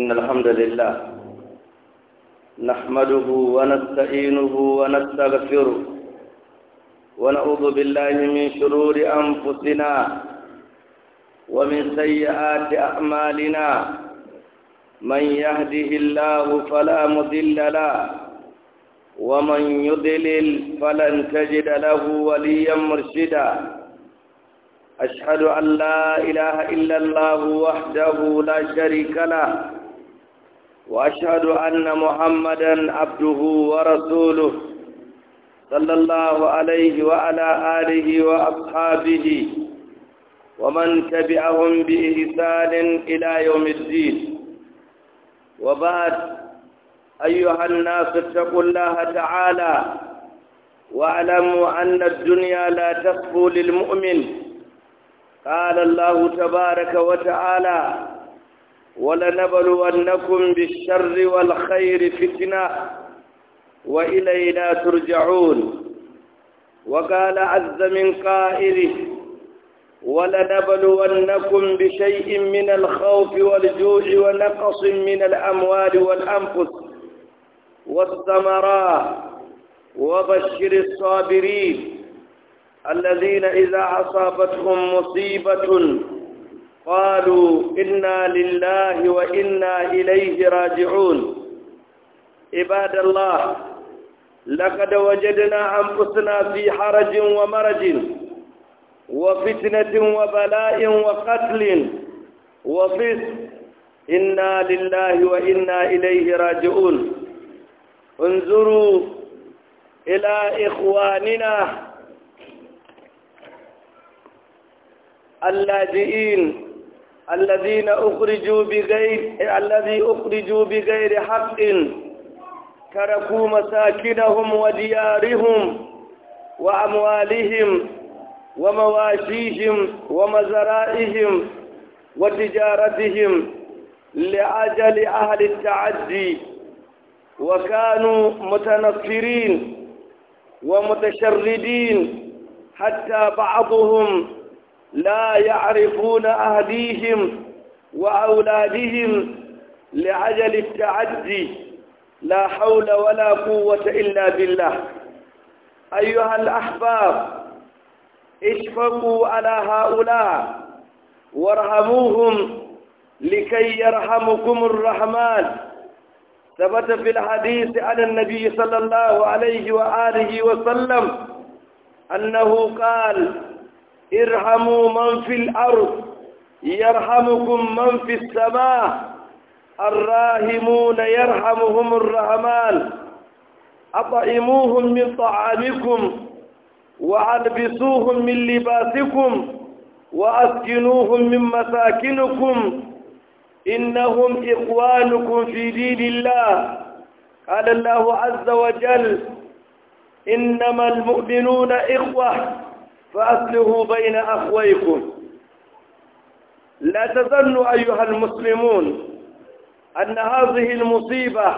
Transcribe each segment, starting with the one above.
إن الحمد لله نحمده ونستعينه ونستغفره ونعوذ بالله من شرور أنفسنا ومن سيئات أعمالنا من يهده الله فلا مضل له ومن يضلل فلن تجد له وليا مرشدا أشهد أن لا إله إلا الله وحده لا شريك له وأشهد أن محمدا عبده ورسوله صلى الله عليه وعلى آله وأصحابه ومن تبعهم بإحسان إلى يوم الدين وبعد أيها الناس اتقوا الله تعالى واعلموا أن الدنيا لا تخفو للمؤمن قال الله تبارك وتعالى ولنبلونكم بالشر والخير فتنة وإلينا ترجعون وقال عز من قائله ولنبلونكم بشيء من الخوف والجوع ونقص من الأموال والأنفس والثمرات وبشر الصابرين الذين إذا أصابتهم مصيبة قالوا إنا لله وإنا إليه راجعون عباد الله لقد وجدنا أنفسنا في حرج ومرج وفتنة وبلاء وقتل وفس إنا لله وإنا إليه راجعون انظروا إلى إخواننا اللاجئين الذين أخرجوا بغير الذي أخرجوا بغير حق تركوا مساكنهم وديارهم وأموالهم ومواشيهم ومزرائهم وتجارتهم لأجل أهل التعدي وكانوا متنفرين ومتشردين حتى بعضهم لا يعرفون أهليهم وأولادهم لعجل التعدي لا حول ولا قوة إلا بالله أيها الأحباب اشفقوا على هؤلاء وارحموهم لكي يرحمكم الرحمن ثبت في الحديث عن النبي صلى الله عليه وآله وسلم أنه قال ارحموا من في الأرض يرحمكم من في السماء الراهمون يرحمهم الرحمن أطعموهم من طعامكم وألبسوهم من لباسكم وأسكنوهم من مساكنكم إنهم إخوانكم في دين الله قال الله عز وجل إنما المؤمنون إخوة فأصله بين أخويكم لا تظنوا أيها المسلمون أن هذه المصيبة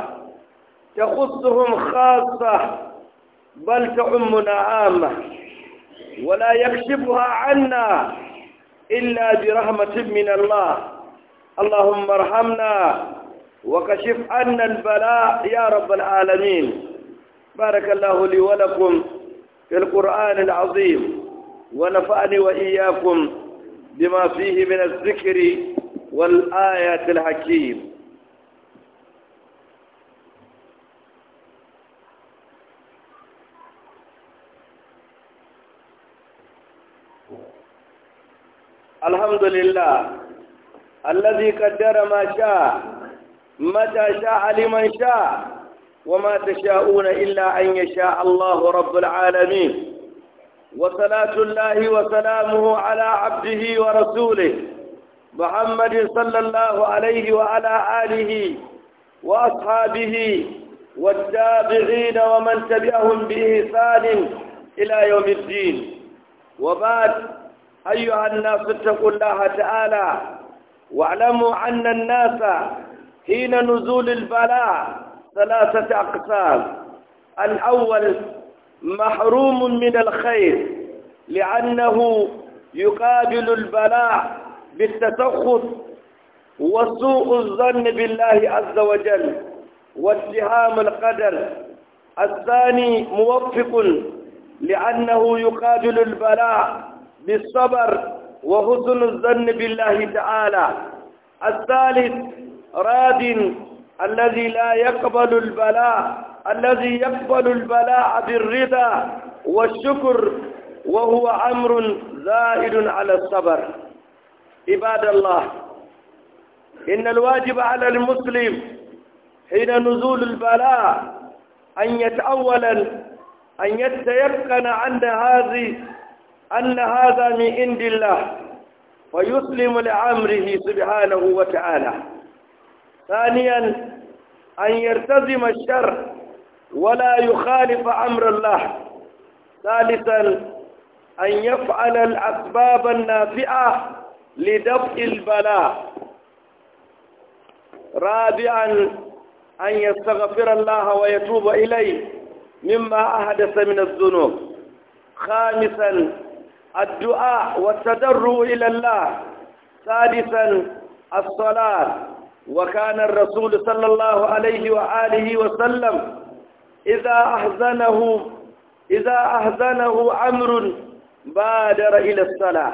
تخصهم خاصة بل تعمنا عامة ولا يكشفها عنا إلا برحمة من الله اللهم ارحمنا وكشف عنا البلاء يا رب العالمين بارك الله لي ولكم في القرآن العظيم ونفعني وإياكم بما فيه من الذكر والآيات الحكيم الحمد لله الذي قدر ما شاء متى شاء لمن شاء وما تشاءون إلا أن يشاء الله رب العالمين وصلاة الله وسلامه على عبده ورسوله محمد صلى الله عليه وعلى آله وأصحابه والتابعين ومن تبعهم بإحسان إلى يوم الدين وبعد أيها الناس اتقوا الله تعالى واعلموا أن الناس حين نزول البلاء ثلاثة أقسام الأول محروم من الخير لأنه يقابل البلاء بالتسخط وسوء الظن بالله عز وجل واتهام القدر الثاني موفق لأنه يقابل البلاء بالصبر وحسن الظن بالله تعالى الثالث راد الذي لا يقبل البلاء الذي يقبل البلاء بالرضا والشكر وهو أمر زائد على الصبر عباد الله إن الواجب على المسلم حين نزول البلاء أن يتأولا أن يتيقن أن هذه أن هذا من عند الله ويسلم لأمره سبحانه وتعالى ثانيا أن يرتزم الشر ولا يخالف أمر الله ثالثا أن يفعل الأسباب النافعة لدفع البلاء رابعا أن يستغفر الله ويتوب إليه مما أحدث من الذنوب خامسا الدعاء والتضرع إلى الله سادسا الصلاة وكان الرسول صلى الله عليه وآله وسلم إذا أحزنه إذا أحزنه أمر بادر إلى الصلاة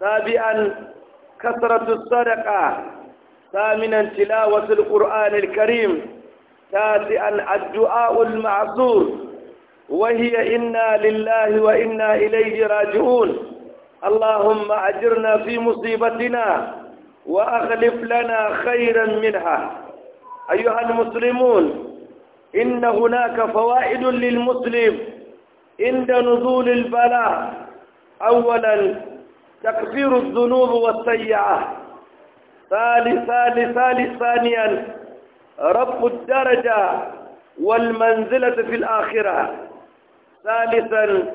سابعا كثرة الصدقة ثامنا تلاوة القرآن الكريم تاسعا الدعاء المعصور وهي إنا لله وإنا إليه راجعون اللهم أجرنا في مصيبتنا وأخلف لنا خيرا منها أيها المسلمون إن هناك فوائد للمسلم عند نزول البلاء أولا تكفير الذنوب والسيئة ثالثا ثانيا رب الدرجة والمنزلة في الآخرة ثالثا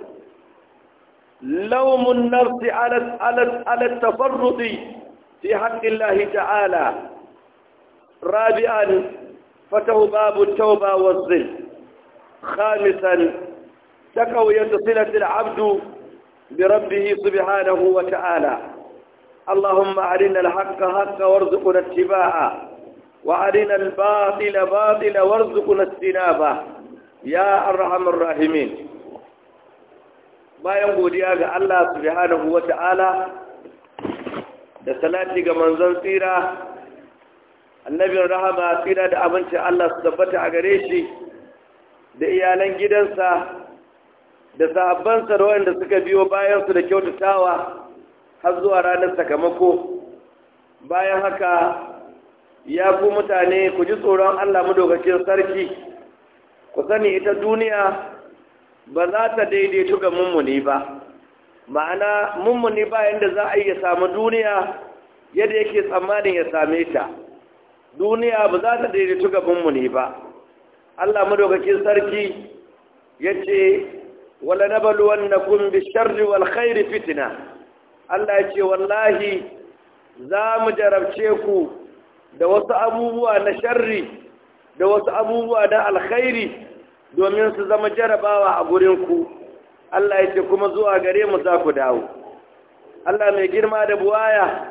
لوم النفس على على على التفرط في حق الله تعالى رابعا فتو باب التوبة والظل خامسا تقوية صلة العبد بربه سبحانه وتعالى اللهم أرنا الحق حق وارزقنا اتباعه وأرنا الباطل باطلا وارزقنا اجتنابه يا أرحم الراحمين ما يقول يا الله سبحانه وتعالى da salati ga manzon annabin rahama tsira da abincin Allah su tabbata a gare shi da iyalan gidansa da sahabbansa da waɗanda suka biyo bayansu da kyautatawa har zuwa ranar sakamako bayan haka ya ku mutane ku ji tsoron Allah madaukakin sarki ku sani ita duniya ba za ta daidaitu ga mummuni ba ma'ana mummuni ba yadda za a yi ya samu duniya yadda yake tsammanin ya same ta duniya ba za ta daidaitu gabanmu ne ba Allah madaukakin sarki ya ce wala na baluwan na kumbi sharri wal khairi fitina Allah yace, wallahi za mu jarabce ku da wasu abubuwa na sharri da wasu abubuwa na alkhairi domin su zama jarabawa a gurinku Allah yace, kuma zuwa gare mu za ku dawo Allah mai girma da buwaya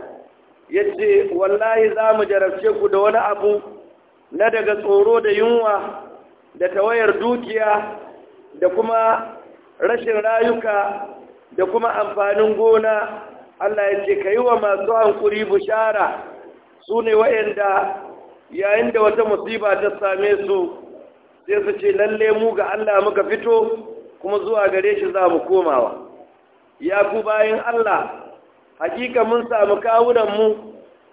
Yace wallahi za mu jarabce ku da wani abu na daga tsoro da yunwa da tawayar dukiya da kuma rashin rayuka da kuma amfanin gona Allah ya ce ka yi wa masu hankuri bushara su ne wa'anda yayin da wata musiba ta same su sai su ce lalle mu ga Allah muka fito kuma zuwa gare shi za mu komawa ya ku bayan Allah hakika mun samu kawunan mu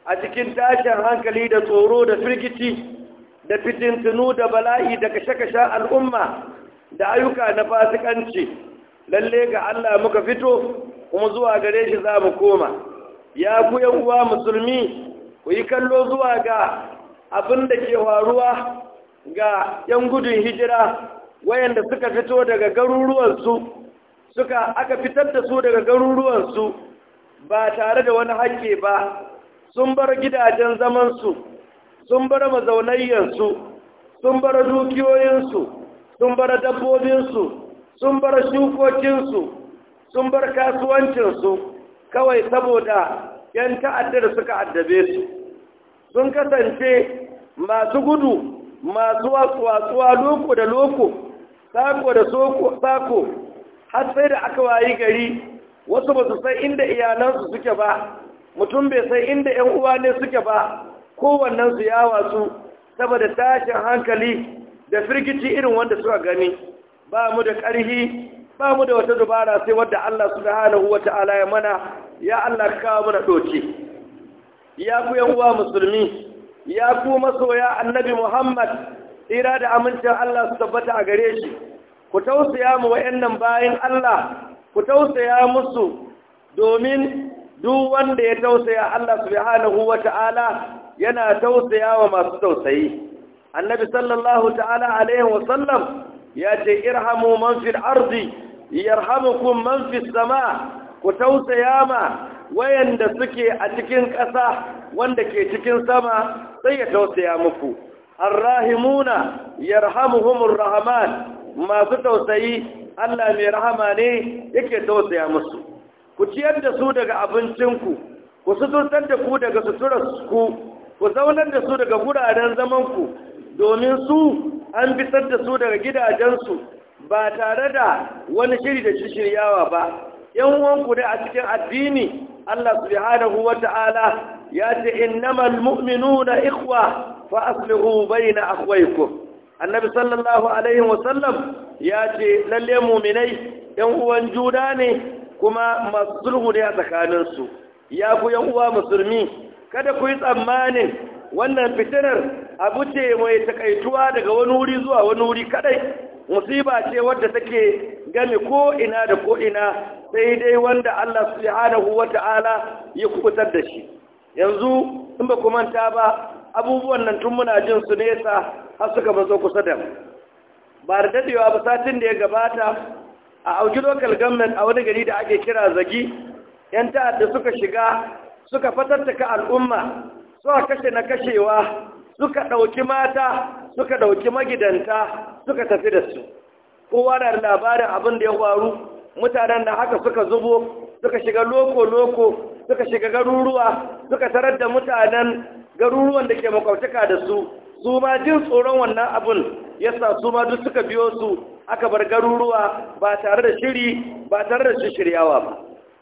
a cikin tashin hankali da tsoro da firgici da fitintunu da bala'i da kashe-kashe al'umma da ayyuka na fasikanci lalle ga Allah muka fito kuma zuwa gare shi za mu koma ya ku yan uwa musulmi ku yi kallo zuwa ga abin da ke faruwa ga yan gudun hijira wayanda suka fito daga garuruwansu suka aka fitar da su daga garuruwansu ba tare da wani haƙƙi ba sun bar gidajen zamansu sun bar mazaunayyansu sun bar dukiyoyinsu sun bar dabbobinsu sun bar shukokinsu sun bar kasuwancinsu kawai saboda 'yan ta'addar suka addabe su sun kasance masu gudu masu watsuwa loko da loko sako da sako har sai da aka wayi gari wasu ba su sai inda iyalansu suke ba mutum bai sai inda ‘yan uwa ne suke ba kowannen su ya wasu saboda tashin hankali da firgici irin wanda suka gani ba mu da ƙarhi ba mu da wata dubara sai wadda Allah subhanahu hana ta'ala ya mana ya Allah kawo mana doki ya ku ‘yan uwa musulmi ya ku masoya annabi Muhammad tsira da amincin Allah su tabbata a gare shi ku tausaya mu nan bayan Allah ku tausaya musu domin duk wanda ya tausaya Allah subhanahu yana tausaya wa masu tausayi annabi sallallahu ta'ala alaihi wa ya ce irhamu man fil ardi yarhamukum sama ku tausaya ma wayanda suke a cikin ƙasa wanda ke cikin sama sai ya tausaya muku arrahimuna yarhamuhumur rahman masu tausayi Allah mai rahama ne yake tausaya musu ku ciyar da su daga abincinku ku suturtar da ku daga suturarku ku zaunar da su daga guraren zamanku domin su an fitar da su daga gidajensu ba tare da wani shiri da shiryawa ba yan uwanku da a cikin addini Allah subhanahu wata'ala ya ce innamal mu'minuna ikhwa fa aslihu bayna akhwaykum annabi sallallahu alaihi wasallam ya ce lalle muminai yan uwan juna ne kuma masu sulhu ne a tsakaninsu ya ku yan uwa musulmi kada ku yi tsammanin wannan fitinar abu ce mai takaituwa daga wani wuri zuwa wani wuri kadai musiba ce wadda take game ko ina da ko ina sai dai wanda Allah subhanahu ta'ala, ya kubutar da shi yanzu in ba ku manta ba abubuwan nan tun muna jin su nesa har suka mazo kusa da mu ba da dadewa ba satin da ya gabata a auki local government a wani gari da ake kira zagi yan ta'adda suka shiga suka fatattaka al'umma suka kashe na kashewa suka ɗauki mata suka ɗauki magidanta suka tafi da su kowa na labarin abin da ya faru mutanen da haka suka zubo suka shiga loko-loko suka shiga garuruwa suka tarar da mutanen garuruwan da ke makwabtaka da su su ma jin tsoron wannan abun yasa su ma duk suka biyo su aka bar garuruwa ba tare da shiri ba tare da shiryawa ba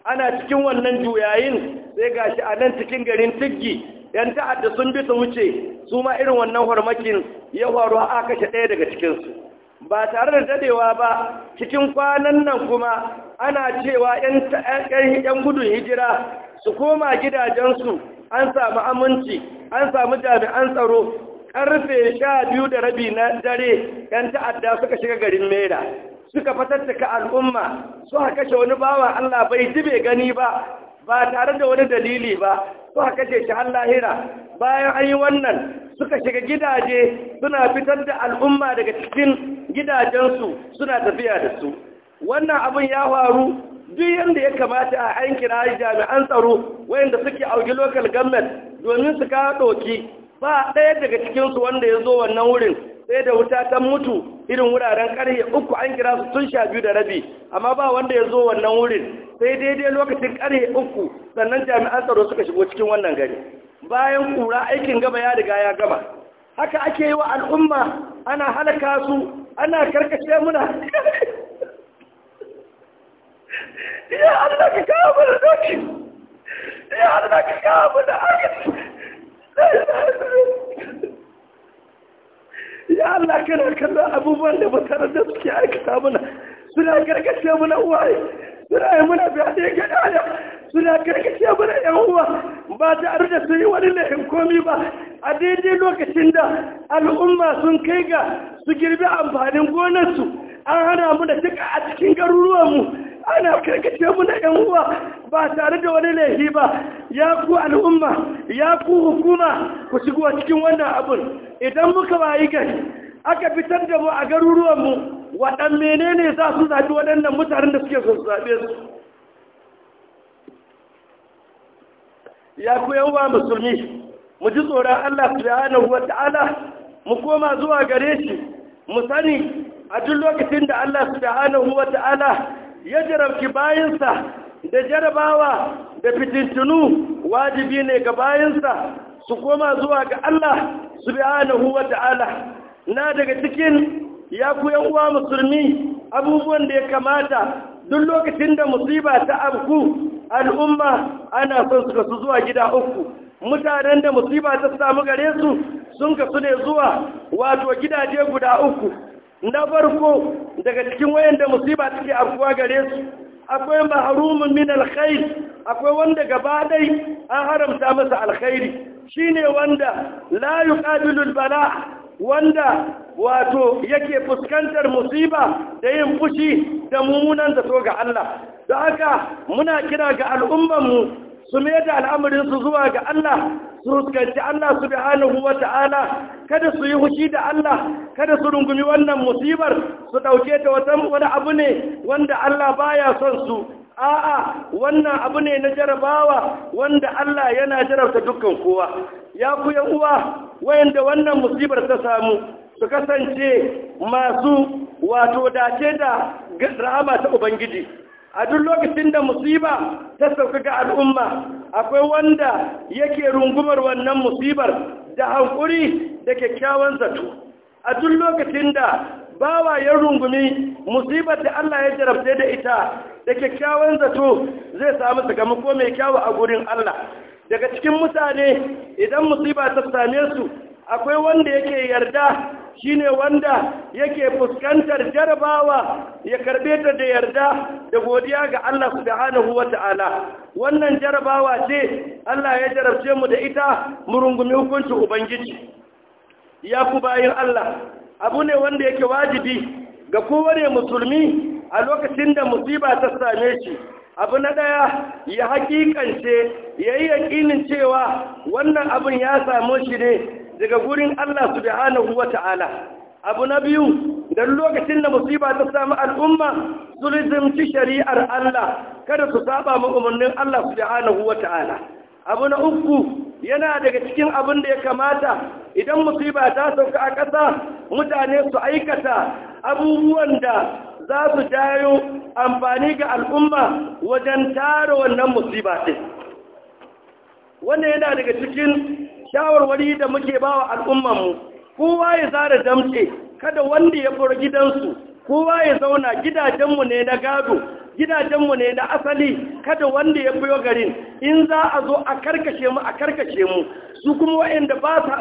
ana cikin wannan juyayin sai gashi a nan cikin garin tiggi yan ta'adda sun bi su wuce su ma irin wannan farmakin ya faru a kashe ɗaya daga cikinsu ba tare da dadewa ba cikin kwanan nan kuma ana cewa yan gudun hijira su koma gidajensu an samu aminci an samu jami'an tsaro karfe sha biyu da rabi na dare yan ta'adda suka shiga garin mera suka fatattaka al'umma suka kashe wani bawa Allah bai ji bai gani ba ba tare da wani dalili ba suka kashe shi har lahira bayan an yi wannan suka shiga gidaje suna fitar da al'umma daga cikin gidajensu suna tafiya da su wannan abin ya faru duk yadda ya kamata a aikin kira jami'an tsaro wayanda suke auki local government domin su kawo doki ba ɗaya daga cikinsu wanda ya zo wannan wurin sai da wuta ta mutu irin wuraren ƙarfe uku an kira su tun sha biyu da rabi amma ba wanda ya zo wannan wurin sai daidai lokacin ƙarfe uku sannan jami'an tsaro suka shigo cikin wannan gari bayan kura aikin gaba ya riga ya gama haka ake yi wa al'umma ana halaka su ana karkashe muna ya Allah ka kawo mana doki ya Allah ka kawo mana arziki ya Allah kana kallon abubuwan da mutane da suke aikata muna suna gargashe mana uwaye suna yi mana fyaɗe ga ɗaya suna gargashe muna ‘yan uwa ba tare da su yi wani lahin komi ba a daidai lokacin da al'umma sun kai ga su girbi amfanin gonarsu an hana muna duka a cikin garuruwanmu ana karkace na yan uwa ba tare da wani laifi ba ya ku al'umma ya ku hukuma ku shigo cikin wannan abun idan muka wayi gari aka fitar da mu a garuruwanmu waɗan menene za su zaɓi waɗannan mutanen da suke son zaɓe su ya ku uwa musulmi mu ji tsoron Allah subhanahu wata'ala mu koma zuwa gare shi mu sani a duk lokacin da Allah subhanahu wata'ala ya jarabci bayansa da jarabawa da fitintunu wajibi ne ga bayansa su koma zuwa ga Allah Su subhanahu wa ta'ala na daga cikin ya ku uwa musulmi abubuwan da ya kamata duk lokacin da musiba ta abku al'umma ana son su zuwa gida uku mutanen da musiba ta samu gare su sun kasu ne zuwa wato gidaje guda uku na farko daga cikin wayanda musiba take afkuwa gare su akwai mahrumun min alkhair akwai wanda gaba dai an haramta masa alkhairi shine wanda la yuqabilu bala wanda wato yake fuskantar musiba da yin fushi da mummunan zato ga Allah da haka muna kira ga al'umman mu su mai da al'amarinsu zuwa ga Allah su ruskanci Allah su bihanahu wa ta'ala kada su yi hushi da Allah kada su rungumi wannan musibar su ɗauke ta wani abu ne wanda Allah baya son su a'a wannan abu ne na jarabawa wanda Allah yana jarabta dukkan kowa ya ku yan uwa wayanda wannan musibar ta samu su kasance masu wato dace da rahama ta Ubangiji a duk lokacin da musiba ta sauka ga al'umma akwai wanda yake rungumar wannan musibar da hankuri da kyakkyawan zato a duk lokacin da bawa ya rungumi musibar da Allah ya jarabta da ita da kyakkyawan zato zai samu sakamako mai kyawu a gurin Allah daga cikin mutane idan musiba ta same su akwai wanda yake yarda shine wanda yake fuskantar jarabawa ya karbe ta da yarda da godiya ga Allah subhanahu wata'ala wannan jarabawa ce Allah ya jarabce mu da ita mu rungumi hukuncin ubangiji ya ku bayin Allah abu ne wanda yake wajibi ga kowane musulmi a lokacin da musiba ta same shi abu na ɗaya ya hakikance yayi yakinin cewa wannan abun ya samu shi ne daga gurin Allah subhanahu wa ta'ala abu na biyu don lokacin da musiba ta samu al'umma su ci shari'ar Allah kada su saba ma Allah subhanahu wa ta'ala abu na uku yana daga cikin abin da ya kamata idan musiba ta sauka a ƙasa mutane su aikata abubuwan da za su jayo amfani ga al'umma wajen tara wannan musiba ce wannan yana daga cikin shawarwari da muke bawa al'ummanmu kowa ya zara damce kada wanda ya fura gidansu kowa ya zauna gidajenmu ne na gado gidajenmu ne na asali kada wanda ya fiyo garin in za a zo a karkashe mu a karkashe mu su kuma wa'anda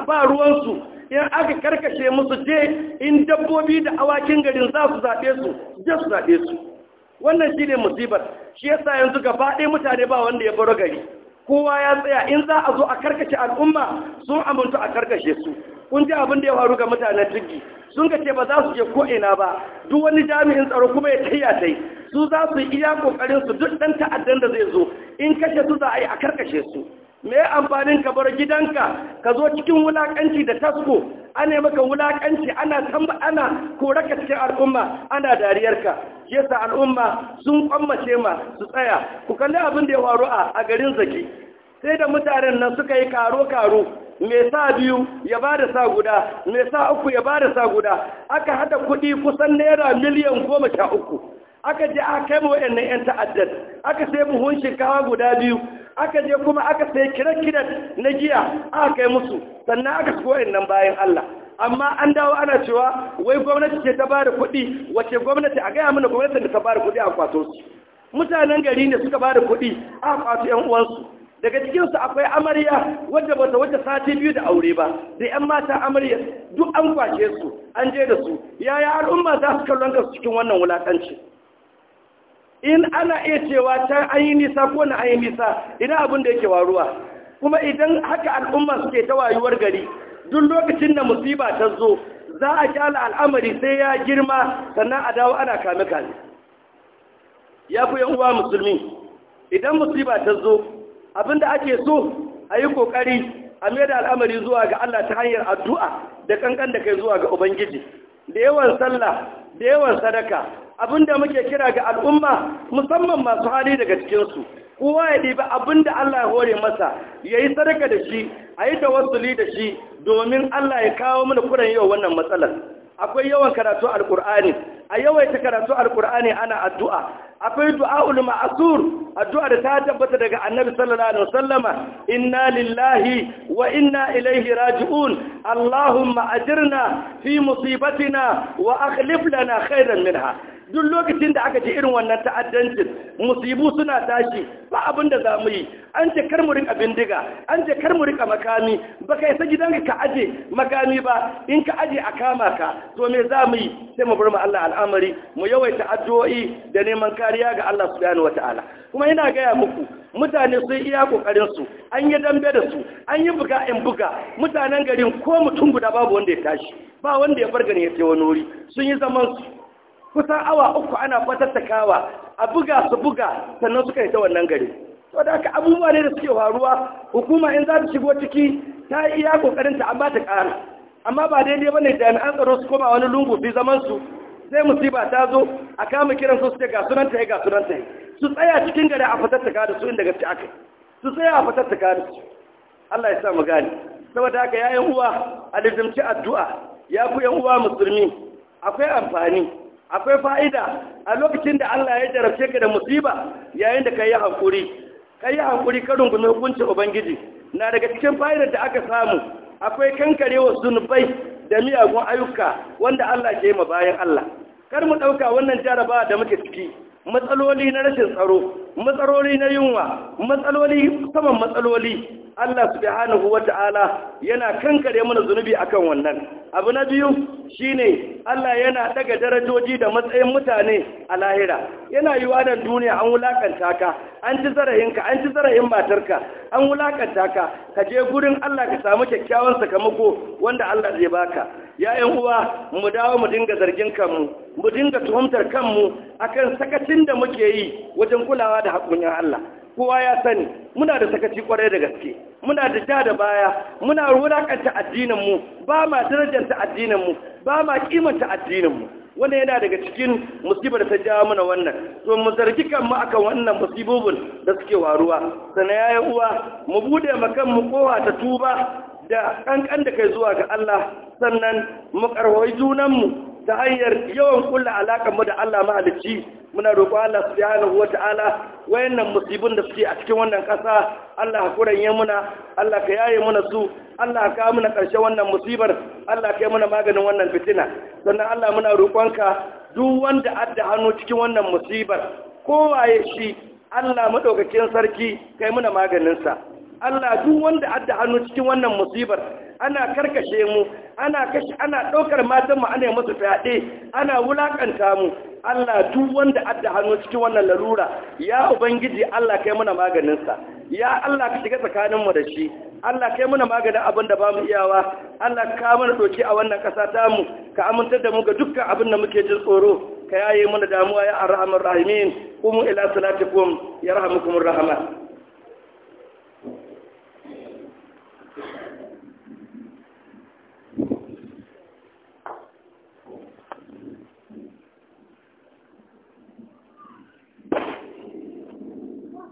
ba ruwansu in aka karkashe musu je in dabbobi da awakin garin za su zaɓe su je su zaɓe su wannan shi ne musibar shi yasa yanzu gaba ɗaya mutane ba wanda ya baro gari kowa ya tsaya in za a zo a karkace al'umma sun amintu a karkashe su kun ji abin da ya faru ga mutanen jirgi sun ga ce ba za su je ko'ina ba duk wani jami'in tsaro kuma ya tayya tai su za su iya kokarin su duk ɗan ta'addan da zai zo in kashe su za a yi a karkashe su me amfanin ka bar gidanka ka zo cikin wulakanci da tasko a ne maka wulakanci ana tamba ana ka cikin al'umma ana dariyarka yasa al'umma sun kwammace ma su tsaya ku kalli abin da ya faru a garin zaki sai da mutanen nan suka yi karo-karo mai sa biyu ya ba da sa guda mai sa uku ya ba da sa guda aka hada kuɗi kusan naira miliyan goma sha uku aka je a kai mu waɗannan 'yan ta'addar aka sai buhun shinkawa guda biyu aka je kuma aka sai kirakirar kira na giya aka kai musu sannan aka su waɗannan bayan Allah amma an dawo ana cewa wai gwamnati ce ta bada kuɗi wace gwamnati a gaya mana gwamnati da ta bada kuɗi a kwato su mutanen gari ne suka bada kuɗi a kwato 'yan uwansu daga cikinsu akwai amarya wadda bata wata sati biyu da aure ba da 'yan mata amarya duk an kwace su an je da su yaya al'umma za su kallon su cikin wannan wulakanci in ana iya cewa ta yi nisa ko na an yi nisa idan abin da yake waruwa kuma idan haka al'umma suke ta wayuwar gari duk lokacin da musiba ta zo za a kyala al'amari sai ya girma sannan a dawo ana kame kame ya fi yan uwa musulmi idan musiba ta zo abin abinda ake so a yi kokari a mai da al'amari zuwa ga Allah ta hanyar addu'a da kankan da kai zuwa ga Ubangiji da yawan sallah da yawan sadaka da muke kira ga al'umma musamman masu hali daga cikinsu kowa ya ɗiba da Allah ya hore masa ya yi sadaka da shi a yi tawassuli da shi domin Allah ya kawo mana kuren yau wannan matsalar akwai yawan karatu alkur'ani a yawaita karatu alkur'ani ana addu'a akwai du'a'ul ma'asur addu'a da ta tabbata daga annabi sallallahu alaihi wasallama inna lillahi wa inna ilaihi raji'un allahumma ajirna fi musibatina wa akhlif lana khairan minha duk lokacin da aka ji irin wannan ta'addancin musibu suna tashi ba abin da za mu yi an ce kar mu rika bindiga an ce kar mu rika makami ba kai sa gidanka ka aje makami ba in ka aje a kama ka to me za mu yi sai mu bar mu Allah al'amari mu yawaita addu'o'i da neman kare kariya ga Allah subhanahu wataala kuma ina gaya muku mutane sun iya kokarin su an yi dambe da su an yi buga in buga mutanen garin ko mutum guda babu wanda ya tashi ba wanda ya bar gani ya ce wani wuri sun yi zaman su kusan awa uku ana fatattakawa a buga su buga sannan suka yi ta wannan gari to da aka abubuwa ne da suke faruwa hukuma in za ta shigo ciki ta iya kokarin ta amma ta kara amma ba daidai bane jami'an tsaro su koma wani lungu bi zaman su sai musiba ta zo a kama kiran su suke ga sunan ta ga sunan ta su tsaya cikin gari a fatattaka da su inda gaske aka su tsaya a fatattaka da su Allah ya sa mu gane saboda haka yayin uwa alizimci addu'a ya ku yan uwa musulmi akwai amfani akwai fa'ida a lokacin da Allah ya jarabce ka da musiba yayin da kai hakuri kai hankuri ka rungumi hukuncin ubangiji na daga cikin fa'idar da aka samu akwai kankarewa zunubai da miyagun ayyuka wanda Allah ke yi ma bayan Allah kar mu ɗauka wannan jaraba da muke ciki matsaloli na rashin tsaro matsaloli na yunwa matsaloli saman matsaloli Allah subhanahu wata'ala yana kankare mana zunubi akan wannan abu na biyu shine Allah yana daga darajoji da matsayin mutane a lahira yana yiwa nan duniya an wulakanta ka an ci zarahinka an ci zarahin matarka an wulakanta ka ka je gurin Allah ka samu kyakkyawan sakamako wanda Allah zai baka yayin uwa mu dawo mu dinga zargin kanmu mu dinga tuhumtar kanmu akan sakacin da muke yi wajen kulawa da haƙƙin Allah kowa ya sani muna da sakaci kwarai da gaske muna da ja da baya muna wulakanta addininmu ba ma darajanta addininmu ba ma addinin mu. wannan yana daga cikin musibar ta jawo mana wannan to mu zargi kanmu akan wannan musibobin da suke waruwa sana uwa mu bude makan mu kowa ta tuba da ƙanƙan da kai zuwa ga Allah sannan mu junan junanmu ta hanyar yawan kulla mu da Allah mahalicci muna roƙo Allah subhanahu wa ta'ala wayannan musibin da suke a cikin wannan ƙasa Allah hakuran ya muna Allah ka yaye muna su Allah ka muna ƙarshe wannan musibar Allah ka muna maganin wannan fitina sannan Allah muna roƙonka duk wanda adda hannu cikin wannan musibar kowaye shi Allah madaukakin sarki kai muna maganinsa Allah duk wanda adda hannu cikin wannan musibar ana karkashe mu ana kashi ana daukar matan mu ana musu fyaɗe ana wulakanta mu Allah duk wanda adda hannu cikin wannan larura ya ubangiji Allah kai muna maganin sa ya Allah ka shiga tsakanin mu da shi Allah kai muna maganin abin da ba mu iyawa Allah ka mana doki a wannan kasa ta mu ka amintar da mu ga dukkan abin da muke jin tsoro ka yaye mana damuwa ya arhamar rahimin kuma ila salatikum yarhamukumur rahman